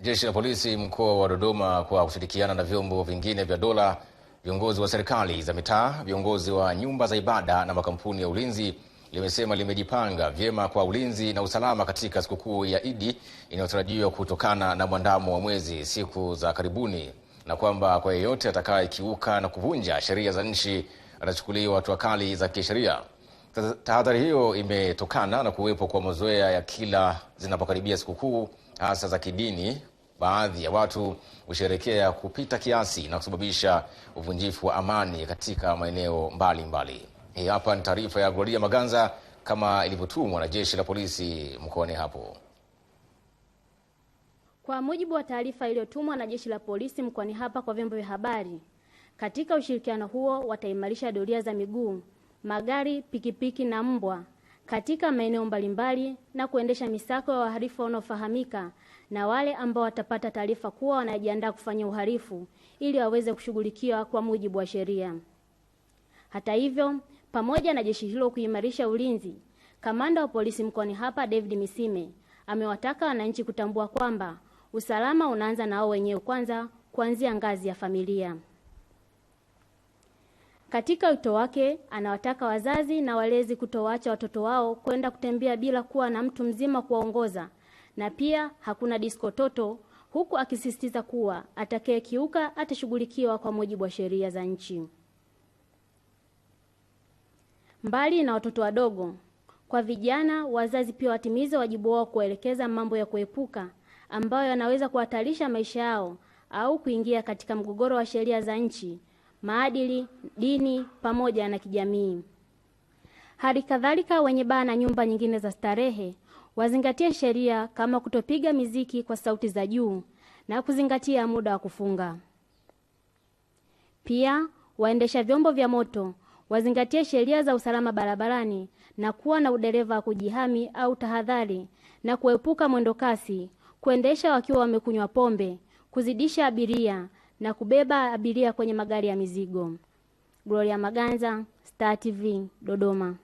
Jeshi la polisi mkoa wa Dodoma kwa kushirikiana na vyombo vingine vya dola, viongozi wa serikali za mitaa, viongozi wa nyumba za ibada na makampuni ya ulinzi limesema limejipanga vyema kwa ulinzi na usalama katika sikukuu ya Idi inayotarajiwa kutokana na mwandamo wa mwezi siku za karibuni, na kwamba kwa yeyote atakayekiuka na kuvunja sheria za nchi atachukuliwa hatua kali za kisheria. Tahadhari hiyo imetokana na kuwepo kwa mazoea ya kila zinapokaribia sikukuu hasa za kidini, baadhi ya watu husherekea kupita kiasi na kusababisha uvunjifu wa amani katika maeneo mbalimbali. Hii hapa ni taarifa ya Gloria Maganza kama ilivyotumwa na jeshi la polisi mkoani hapo. Kwa mujibu wa taarifa iliyotumwa na jeshi la polisi mkoani hapa kwa vyombo vya habari, katika ushirikiano huo wataimarisha doria za miguu magari, pikipiki na mbwa katika maeneo mbalimbali na kuendesha misako ya wahalifu wanaofahamika na wale ambao watapata taarifa kuwa wanajiandaa kufanya uhalifu ili waweze kushughulikiwa kwa mujibu wa sheria. Hata hivyo, pamoja na jeshi hilo kuimarisha ulinzi, kamanda wa polisi mkoani hapa David Misime amewataka wananchi kutambua kwamba usalama unaanza na wao wenyewe kwanza, kuanzia ngazi ya familia. Katika wito wake anawataka wazazi na walezi kutowaacha watoto wao kwenda kutembea bila kuwa na mtu mzima kuwaongoza na pia hakuna disko toto, huku akisisitiza kuwa atakayekiuka atashughulikiwa kwa mujibu wa sheria za nchi. Mbali na watoto wadogo, kwa vijana, wazazi pia watimize wajibu wao kuwaelekeza mambo ya kuepuka ambayo yanaweza kuhatarisha maisha yao au kuingia katika mgogoro wa sheria za nchi maadili, dini pamoja na kijamii. Hali kadhalika wenye baa na nyumba nyingine za starehe wazingatie sheria kama kutopiga miziki kwa sauti za juu na kuzingatia muda wa kufunga. Pia waendesha vyombo vya moto wazingatie sheria za usalama barabarani na kuwa na udereva wa kujihami au tahadhari na kuepuka mwendo kasi, kuendesha wakiwa wamekunywa pombe, kuzidisha abiria na kubeba abiria kwenye magari ya mizigo. Gloria Maganza, Star TV, Dodoma.